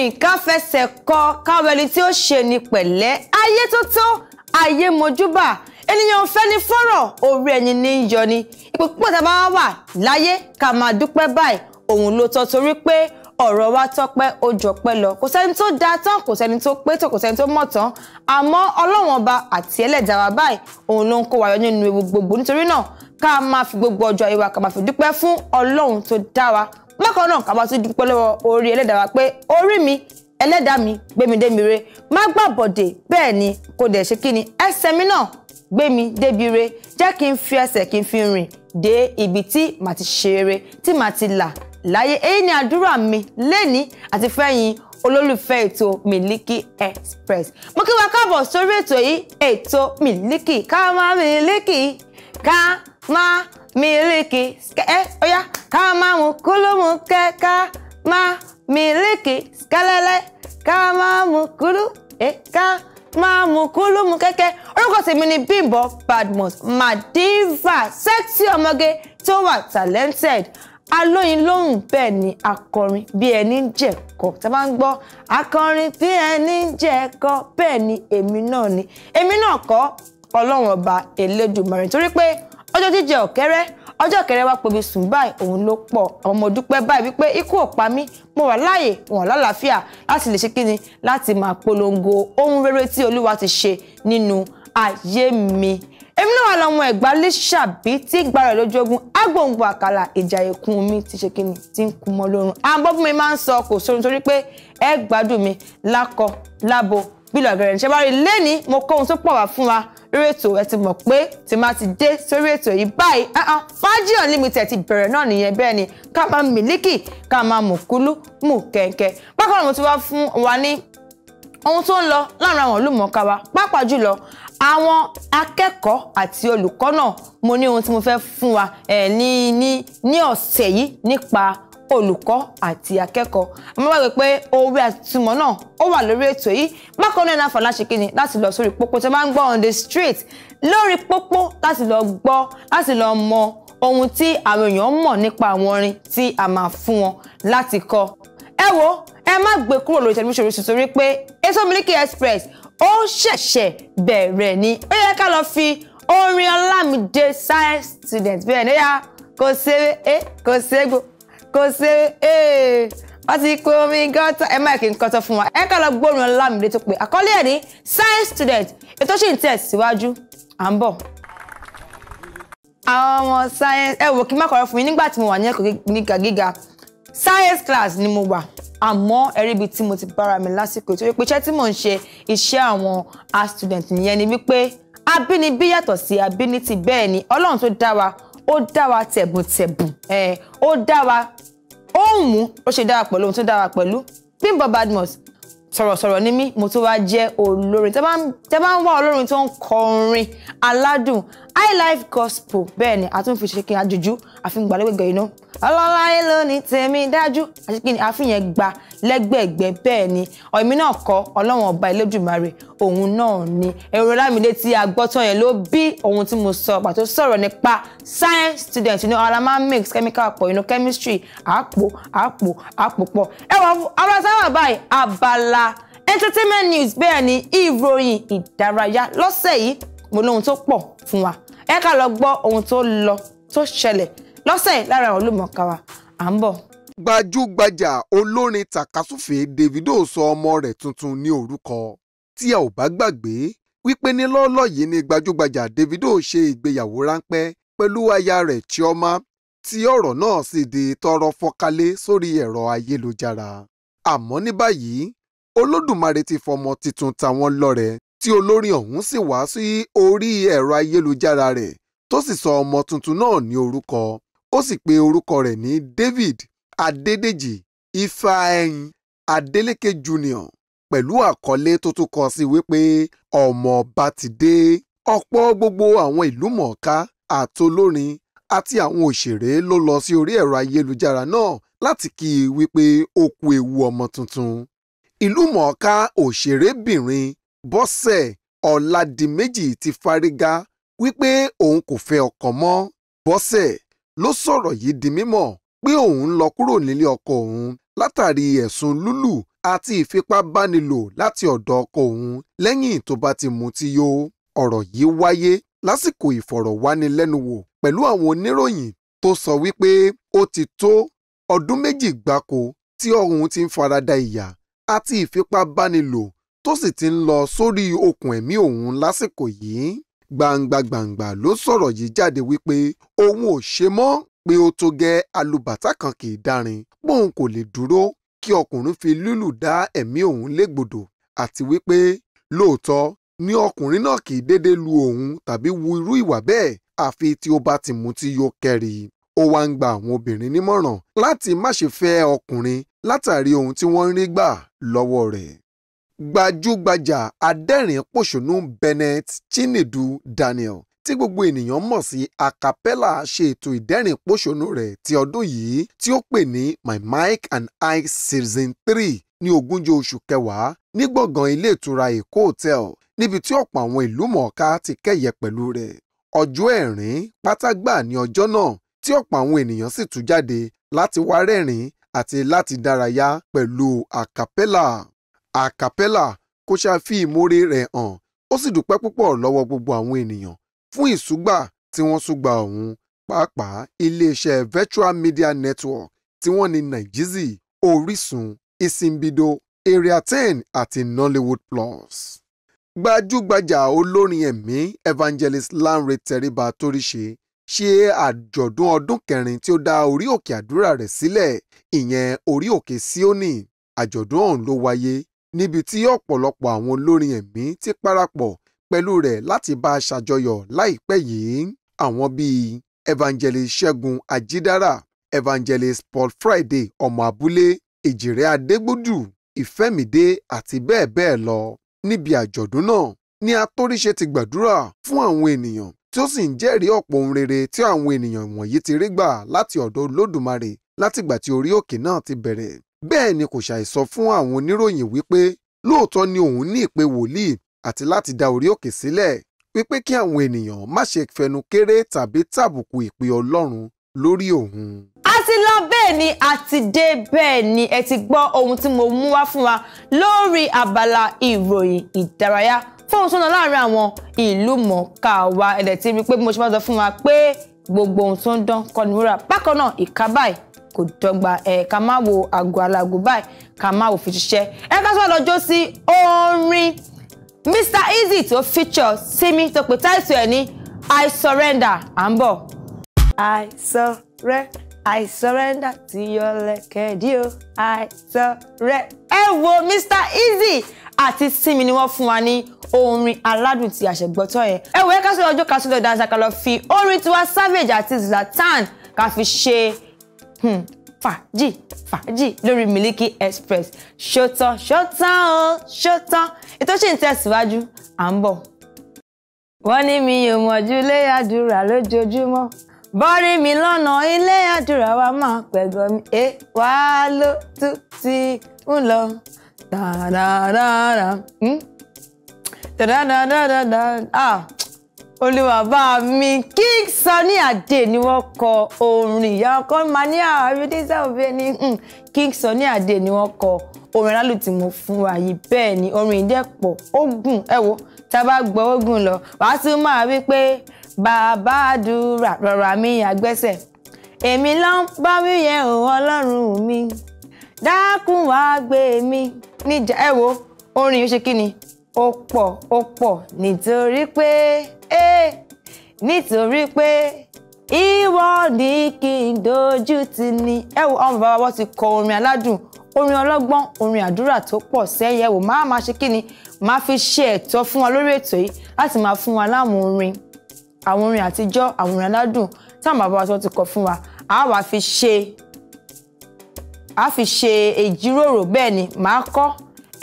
rìn ká fẹsẹ̀ kọ káwẹni tí ó ṣe ni pẹ̀lẹ́ ayé tó tó ayé mojúbà ènìyàn fẹ́ ni fọ́rọ̀ orí ẹni ní í yọ ni ipò púpọ̀ tá a bá wà láyé ká máa dúpẹ́ báyìí òun ló tọ́ torí pé ọ̀rọ̀ wa tọ́pẹ́ ó jọpẹ́ lọ kò sẹ́ni tó da tán kò sẹ́ni tó pé tán kò sẹ́ni tó mọ̀ tán àmọ́ ọlọ́wọ́n ọba àti ẹlẹ́dàá wa báyìí òun ló ń kó wa yọ nínú ewu gbogbo nítorí náà ká máa fi gbogbo ọjọ́ ayé wa ká máa fi dúpẹ́ fún ọlọ́run tó dá wa bákan náà ká bá tún dúpẹ́ lọ́wọ́ orí ẹlẹ́dàá wa pé orí mi ẹlẹ́dàá mi gbémi débi re má gbàbọ̀dè bẹ́ẹ̀ ni kò dẹ̀ ṣe kí ni ẹsẹ̀ mi náà gbémi débi re jẹ́ kí n fi ẹsẹ̀ kí n fi rìn dé ibi tí màá ti ṣe eré tí màá ti là láyé èyí ni àdúrà mi lẹ́ni àti fẹ́yìn olólùfẹ́ ètò Miliki Express mo kí wa káàbọ̀ sórí ètò yìí ètò Miliki ká Miliki Kama miliki mílíkì ẹ ọyá ká má mú kúlùmù kẹ ká má mílíkì kẹlẹlẹ ká má mú kúlù ẹ ká má mú orúkọ tèmi ni Bímbọ́ Badmus madiva sexy ọmọge tó wà talented alóyin lóhùn bẹ́ẹ̀ ni akọrin bí ẹni ń jẹ̀kọ́ tá a bá ń gbọ́ akọrin bí ẹni ń jẹ̀kọ́ bẹ́ẹ̀ ni èmi náà ni èmi náà kọ́ ọlọ́run ọba elédùmarè torí pé ọjọ́ jíjẹ ọ̀kẹ́rẹ́ ọjọ́ kẹrẹ wá pòbi sùn báyìí òun ló pọ̀ ọmọ dúpẹ́ báyìí wípé ikú ò pa mí mo wà láàyè wọn lálàáfíà láti lè ṣe kíni láti máa polongo ohun rere tí olúwa ti ṣe nínú ayé mi èmi náà wà lọ́mọ ẹ̀gbá lẹ́sàbí tí gbàrẹ̀ lójógún agbóhùn àkàlà ìjà ikùn mi ti ṣe kíni tí ń kú mọ́ lórun àbọ̀ fún mi máa ń sọ kò sóhun torí pé ẹ gbádùn mi lákọ lábo bílọ̀ gẹ̀rẹ̀ ṣe bá rí lẹ́ni mo kó ohun tó pọ̀ wá fún wa lórí ètò ẹ ti mọ̀ pé tí máa ti dé sórí ètò yìí báyìí fàájì unlimited ti bẹ̀rẹ̀ náà nìyẹn bẹ́ẹ̀ ni ká máa mílíkì ká máa mú kúlú mú kẹ̀kẹ́ bákan náà mo ti wá fún wa ní ohun tó ń lọ láàrin àwọn olùmọ̀ọ́ká wa pàápàá jùlọ àwọn akẹ́kọ̀ọ́ àti olùkọ́ náà mo ní ohun tí mo fẹ́ fún wa eh, ní ní ní ọ̀sẹ̀ yìí nípa olùkọ́ àti akẹ́kọ̀ọ́ àmọ́ wá wí pé òwe àtìmọ̀ náà ó wà lórí ètò yìí bákan náà náà fàlàṣe kìíní láti lọ sórí pópó tí máa ń gbọ́ on the street lórí pópó láti lọ gbọ́ láti lọ mọ ohun tí àwọn èèyàn mọ̀ nípa àwọn orin tí a máa fún wọn láti kọ ẹ wo ẹ má gbé kúrò lórí tẹlifíṣàn Orísun torí pé èso Miliki Express ó ṣẹ̀ṣẹ̀ bẹ̀rẹ̀ ni ó yẹ ká lọ fi orin Ọlámídé science student bẹ́ẹ̀ ni ó yà kò ṣe é kò ṣe é gbò kò ṣe é wọ́n ti pe omi gọ́tà ẹ máa kí n kọ́tọ́ fún wa ẹ ká lọ gbóòórùn Ọlámídé tó pé àkọ́lé ẹ̀ ní science student ètò sì ń tẹ̀síwájú à ń bọ̀. àwọn ọmọ science ẹ wò kí n má kọ̀rọ̀ fún yín nígbà tí mo wà ní ẹ̀kọ́ gíga gíga science class ni mo wà àmọ́ ẹ̀rí ibi tí mo ti bára mi lásìkò ìtòrí pé iṣẹ́ tí mò ń ṣe iṣẹ́ àwọn a student nìyẹn ni wípé abínibí yàtọ̀ sí abínitì bẹ́ẹ̀ ni Ọlọ́run tó dá wa ó dá wa tẹ̀bùntẹ̀bùn ẹ̀ ó dá wa ohùn mú ó ṣe dára pẹ̀lú ohun tó dára pẹ̀lú Bimbo Badmus sọ̀rọ̀sọ̀rọ̀ ni mí mo tún wá jẹ́ olórin tẹ́ bá ń wá olórin tó ń kọ aládùn high life gospel bẹ́ẹ̀ ni a tún fi ṣe kí n àjùjú àfi ń gbàlẹ́gbẹ̀gbẹ̀ yìí náà ọlọ́lá èlò ní tèmi dájú àṣekí ni àfihàn gba lẹ́gbẹ̀ẹ́gbẹ́ bẹ́ẹ̀ ni ọ̀mí náà kọ́ ọlọ́wọ̀n ọba Elédùmarè òun náà ni èrò lámìlé tí a gbọ́ tán yẹn ló bí ohun tí mo sọ pàtó sọ̀rọ̀ nípa science student inú ara máa ń mix chemical pọ̀ inú chemistry àpò àpò àpò pọ̀ ẹ wọ abala sábà báyìí abala entertainment news bẹ́ẹ̀ ni ìròyìn ìdárayá lọ́sẹ̀ yìí mo lóhun tó pọ̀ fún wa ẹ ká lọ gbọ́ ohun tó lọ tó ṣẹlẹ̀ lọ́sẹ̀ lára àwọn olùmọ̀ọ́ká wa à ń bọ̀. gbajúgbajà olórin tàkasúfè Davido sọ ọmọ rẹ̀ tuntun ní orúkọ tí a ò bá gbàgbé wípé ní lọ́ọ́lọ́ yìí ni gbajúgbajà Davido ṣe ìgbéyàwó ráńpẹ́ pẹ̀lú aya rẹ̀ Chioma tí ọ̀rọ̀ náà sì di tọrọ fọ́nkálé sórí ẹ̀rọ ayélujára àmọ́ ní báyìí Olódùmarè ti fọmọ tuntun tàwọn lọ́rẹ tí olórin ọ̀hún sì wá sí orí ẹ̀rọ ayélujára rẹ̀ tó sì sọ ọmọ tuntun náà ní orúkọ ó sì pe orúkọ rẹ̀ ní David Adedeji Ifeanyi Adeleke Junior pẹ̀lú àkọlé tó tún kọ sí wípé ọmọ ọba ti dé ọ̀pọ̀ gbogbo àwọn ìlúmọ̀ọ́ká àtolórin àti àwọn òṣèré ló lọ sí orí ẹ̀rọ ayélujára náà láti kí i wípé ó kú ewu ọmọ tuntun ìlúmọ̀ọ́ká òṣèrébìnrin Bọ́sẹ̀ Ọ̀làdìmẹ́jì ti fárígá wípé òun kò fẹ́ ọkọ mọ́ Bọ́sẹ̀ ló sọ̀rọ̀ yìí di mímọ̀ pé òun ń lọ kúrò nílé ọkọ òun látàrí ẹ̀sùn lúlù àti ìfipábánilò láti ọ̀dọ̀ ọkọ òun lẹ́yìn tó bá ti mutí yó. ọ̀rọ̀ yìí wáyé lásìkò ìfọ̀rọ̀wánilẹ́nuwò pẹ̀lú àwọn oníròyìn tó sọ wípé ó ti tó ọdún méjì gbáko tí òun ti ń farada ìyà àti ìfipábánilò tó sì ti ń lọ sórí okùn ẹ̀mí òun lásìkò yìí gbangba-gbàǹgbà ló sọ̀rọ̀ yìí jáde wípé òun ò ṣe mọ́ pé ó tó gẹ́ alùbàtà kan kì í dárin bóun kò lè dúró kí ọkùnrin fi lílù dá ẹ̀mí òun légbodò àti wípé lóòótọ́ ni ọkùnrin náà kì í dédé lu òun tàbí wu irú ìwà bẹ́ẹ̀ àfi tí ó bá ti mutí yó kẹ́rì ó wá ń gba àwọn obìnrin nímọ̀ràn láti má ṣe fẹ́ ọkùnrin látàrí ohun tí wọ́n ń rí gbà lọ́wọ́ rẹ̀ gbajúgbajà adẹ́rìn-pòṣónú Bennett Chinedu Daniel tí gbogbo ènìyàn mọ̀ sí acapella ṣe ètò ìdẹ́rìn-pòṣónú rẹ̀ ti ọdún yìí tí ó pè ní My Mike and I Season Three ní ogúnjọ́ oṣù kẹwàá ní gbọ̀ngàn ilé ìtura Èkó Hotel níbi tí ọ̀pọ̀ àwọn ìlú mọ̀ọ́ká ti kẹ́yẹ pẹ̀lú rẹ̀ ọjọ́ ẹ̀rín pátágbà ní ọjọ́ náà tí ọ̀pọ̀ àwọn ènìyàn sì tú jáde láti wá rẹ́rìn àti láti dárayá pẹ̀lú acapella acapella kó ṣáà fi ìmoore rẹ̀ hàn ó sì dúpẹ́ púpọ̀ lọ́wọ́ gbogbo àwọn ènìyàn fún ìsúgbà tí wọ́n súgbà òun pàápàá iléeṣẹ́ virtual media network tí wọ́n ní Nigezie Orísun Isimbido Area ten àti Nollywood Plus. gbajúgbajà olórin ẹ̀mí evangelist Lanre Tẹríba Toríṣe ṣe àjọ̀dún ọdún kẹrin tí ó dá orí òkè àdúrà rẹ̀ sílẹ̀ ìyẹn orí òkè Síónì àjọ̀dún ọ̀hún ló wáyé níbi tí ọ̀pọ̀lọpọ̀ àwọn olórin ẹ̀mí ti parapọ̀ pẹ̀lú rẹ̀ láti bá a ṣàjọyọ̀ láìpẹ́ yìí àwọn bíi evangelist ṣẹ́gun ajídára evangelist paul friday ọmọ abúlé èjìrẹ́ adégbòdù ìfẹ́mìdé àti bẹ́ẹ̀ bẹ́ẹ̀ lọ níbi àjọ̀dún náà ni atóríṣe ti gbàdúrà fún àwọn ènìyàn tí ó sì ń jẹ́rìí ọ̀pọ̀ ohun rere tí àwọn ènìyàn wọ̀nyí ti rí gbà láti ọ̀dọ̀ olódùmarè látìgbà tí orí òkè náà ti bẹ̀rẹ̀ bẹ́ẹ̀ ni kò ṣàìsọ fún àwọn oníròyìn wípé lóòótọ́ ni òun ní ìpè wòlíì àti láti da orí òkè sílẹ̀ wípé kí àwọn ènìyàn má ṣe fẹnu kéré tàbí tàbùkù ìpè Ọlọ́run lórí òun. a ti lọ bẹ́ẹ̀ ni a dé bẹ́ẹ̀ ni ẹ ti gbọ́ ohun tí mo mú wá fún wa lórí abala ìròyìn ìdárayá fóun sọ́nà láàrin àwọn ìlú mọ̀ọ́ká wa ẹ̀dẹ̀ ti rí i pé mo ṣe máa sọ fún wa pé gbogbo ohun tó ń dán kọ́ wúrà bákan náà ìkábàyì kò dọ́gba ẹ ká má wo àgọ alágò báyìí ká má wo fi ṣiṣẹ́ ẹ ká sọ lọ́jọ́ sí orin Mr Easy tó feature Simi tó pe táìsì ẹ ní I surrender à ń bọ̀. I surrender. I surrender to your lẹ́kẹ̀dí o. I surrender. Ẹ wo Mr Easy àti Simi ni wọ́n fún wa ní orin aládùn ti àṣẹgbọ́tọ̀ yẹn. Ẹ wo ẹ ká sọ ọjọ́ ká sọ lọ danza ká lọ fi orin tiwa Savage àti Zlatan ká fi ṣe Hmm, fàájì fàájì lórí Miliki Express ṣótán ṣótán o ṣótán ètò ṣì ń tẹ̀síwájú à ń bọ̀. wọ́n ní mi ò mọ̀jú lé àdúrà lójoojúmọ́ bọ́rí mi lọ́nà ilé àdúrà wa máa pẹ̀gọ́ mi ẹ wá ló tún ti ń lọ da da. Hmm? ah olúwa bá mi King Sunny Adé ni wọ́n kọ orin ìyá ọkọ mania abidisa obìnrin King Sunny Adé ni wọ́n kọ orin alálù tí mo fún wa yìí bẹ́ẹ̀ ni orin ìdẹ́pọ̀ ogun ẹ wo tá a bá gbọ́ ogun lọ wàá tún máa wí pé bàbá àdúrà rọra mi àgbẹ́sẹ̀ èmi ló ń bá mi yẹn o ọlọ́run mi dákun wá gbé mi níjà ẹ wo orin yìí ṣe kí ni ó pọ̀ ó pọ̀ nítorí pé ẹ́ nítorí pé ìwọ ni kí n dojú ti ni. ẹ wo àwọn bàbá wọn ti kọ orin aládùn orin ọlọ́gbọ́n orin àdúrà tó pọ̀ sẹ́yìn ẹ wò máa máa ṣe kí ni máa fi ṣe ẹ̀tọ́ fún wa lórí ètò yìí láti máa fún wa láwọn orin àwọn orin àtijọ́ àwọn orin aládùn táwọn bàbá wa tó ti kọ fún wa àá wàá fi ṣe àá fi ṣe ìjíròrò bẹ́ẹ̀ ni màá kọ́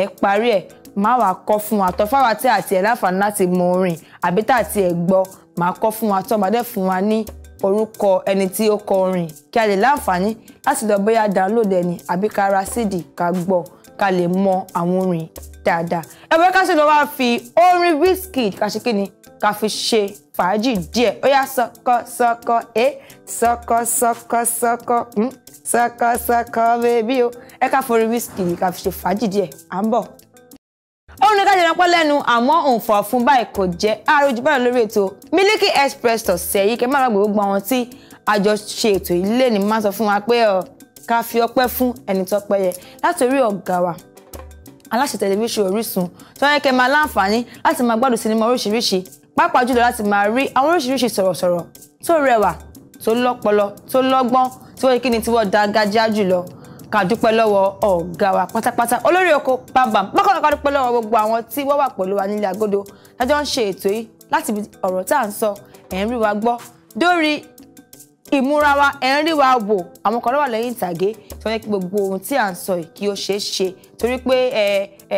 ẹ̀ parí ẹ̀ máa wàá kọ́ fún wa tọ́ fáwa tí àti ẹ̀ láǹfààní láti mọ orin àbí tá àti ẹ̀ gbọ́ máa kọ́ fún wa tọ́ máa fún wa ní orúkọ ẹni tí ó kọ orin kí a lè láǹfààní láti lọ bóyá download ẹni àbí ká ra síìdì ká gbọ́ ká lè mọ àwọn orin dáadáa ẹ̀wẹ́ ká ṣe lọ wá fi orin Wizkid ká ṣe kí ni ká fi ṣe fàájì díẹ̀ ó yá sọkọ sọkọ ẹ sọkọ sọkọ sọkọ hmm, sọkọ sọkọ bèbí o ẹ ká forin Wizkid ká fi ṣe fàájì díẹ̀ à ń bọ̀ ó ní kájọ ránpọ́ lẹ́nu àmọ́ òǹfà fún báyìí kò jẹ́ àròjù báyìí lórí ètò Miliki Express tọ̀sẹ̀ yìí kẹ́ máa gbàgbé gbogbo àwọn tí àjọ ṣe ètò yìí lè ní máa sọ fún wa pé ká fi ọpẹ́ fún ẹni tọ́pẹ́ yẹ láti orí ọ̀gá wa aláṣẹ tẹlifíṣàn Orísun tó yẹ kẹ́ máa láǹfààní láti máa gbádùn sinimá oríṣiríṣi pàápàá jùlọ láti máa rí àwọn oríṣiríṣi sọ̀rọ̀sọ̀rọ̀ tó rẹwà tó lọ́pọlọ tó lọ́gbọ́n tí wọ́n kí ni tí wọ́n da gájá jùlọ ká dúpẹ́ lọ́wọ́ ọ̀gá wa pátápátá olórí oko bambam bákan náà ká dúpẹ́ lọ́wọ́ gbogbo àwọn tí wọ́n wà pẹ̀lú wa nílé agodo lájọ́ ń ṣe ètò yìí láti ọ̀rọ̀ tá à ń sọ ẹ̀ ń rí wa gbọ́ dórí ìmúra wa ẹ̀ ń rí wa wò àwọn kan lọ́wọ́ lẹ́yìn ìtàgé tí wọ́n yẹ kí gbogbo ohun tí à ń sọ yìí kí ó ṣeé ṣe torí pé ẹ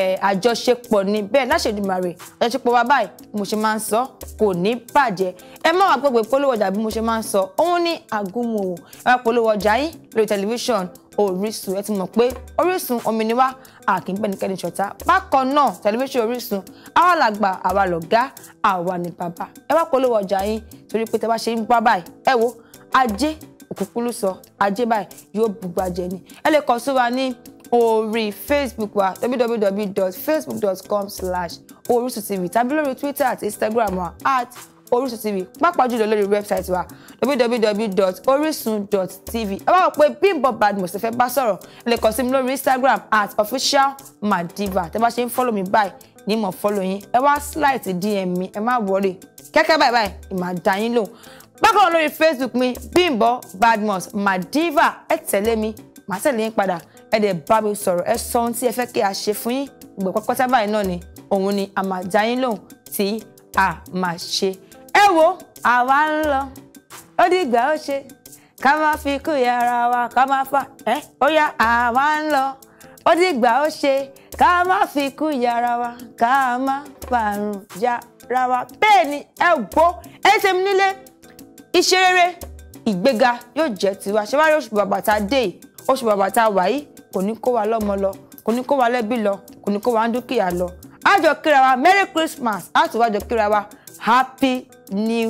ẹ àjọṣepọ̀ ni bẹ́ẹ̀ láṣẹ Èdùmàrè àjọṣepọ̀ wa báyìí mo ṣe máa ń sọ kò ní bàjẹ́ ẹ má wàá gbogbo ìpolówó ọjà bí mo ṣe máa ń sọ òun ní àgúnmu ẹ wá polówó ọjà yín lórí tẹlifíṣàn Orísun ẹ ti mọ̀ pé Orísun òmìnira àkínpẹ́nikẹ́ni ṣọ̀tá bákan náà tẹlifíṣàn Orísun àwa làgbà àwa lọ̀gá àwa ni bàbá ẹ wá polówó ọjà yín torí pé tẹ bá ṣe ń bá báyìí ẹ wo ajé òkùnkùn sọ ajé báyìí yóò bugbàjẹ́ ni ẹ lè kàn sí wa ní orí facebook wa www.facebook.com slash orisun tv tàbí lórí twitter àti instagram wa at Orísun TV pàápàá jùlọ lórí website wa www.orisun.tv ẹ bá wọ pé Bimbo Badmus fẹ́ bá sọ̀rọ̀ ẹ lè kàn sí mi lórí Instagram at officialmadiva tẹ bá ṣe ń fọ́lọ̀ mi báyìí ní mọ̀ fọ́lọ̀ yín ẹ wá slide DM mi ẹ má wọlé kẹ́kẹ́ báyìí báyìí ìmọ̀ àdáyín lò bákan lórí facebook mi bimbo badmus madiva ẹ tẹ̀lé mi màá tẹ̀lé yín padà ẹ dẹ̀ bá mi sọ̀rọ̀ ẹ sọ ohun tí ẹ fẹ́ kí a ṣe fún yín gbogbo pátá báyìí náà ni òun ni a máa dá yín lóhùn tí a máa ṣe ẹ wo àwa ń lọ ó dìgbà ó ṣe ká máa fi kú yàrá wa ká máa fà ẹ ó yá àwa ń lọ ó dìgbà ó ṣe ká máa fi kú yàrá wa ká máa fàrùn yàrá wa bẹ́ẹ̀ ni ẹ wo ẹ ṣe mi nílé iṣẹ́ rere ìgbéga yóò jẹ́ tiwa ṣé wá rí oṣù bàbà tá a dé yìí oṣù bàbà tá a wà yìí kò ní kó wa lọ́mọ lọ kò ní kó wa lẹ́bí lọ kò ní kó wa dúkìá lọ a jọ kíra wa merry christmas a tún wá jọ kíra wa happy new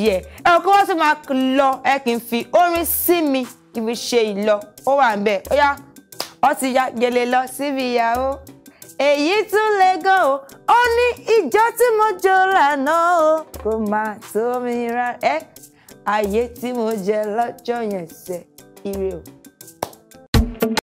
year ẹ kó wọ́n sì máa lọ ẹ kì í fi orin sí mi kì í ṣe ìlọ ó wà ń bẹ̀ ó yá ó ti ya gèlè lọ síbi ìyàwó èyí tún le gan o ó ní ìjọ tí mo jó lànà o kò máa tó mi rárá ẹ ayé tí mo jẹ lọ́jọ́ yẹn ṣe ire o.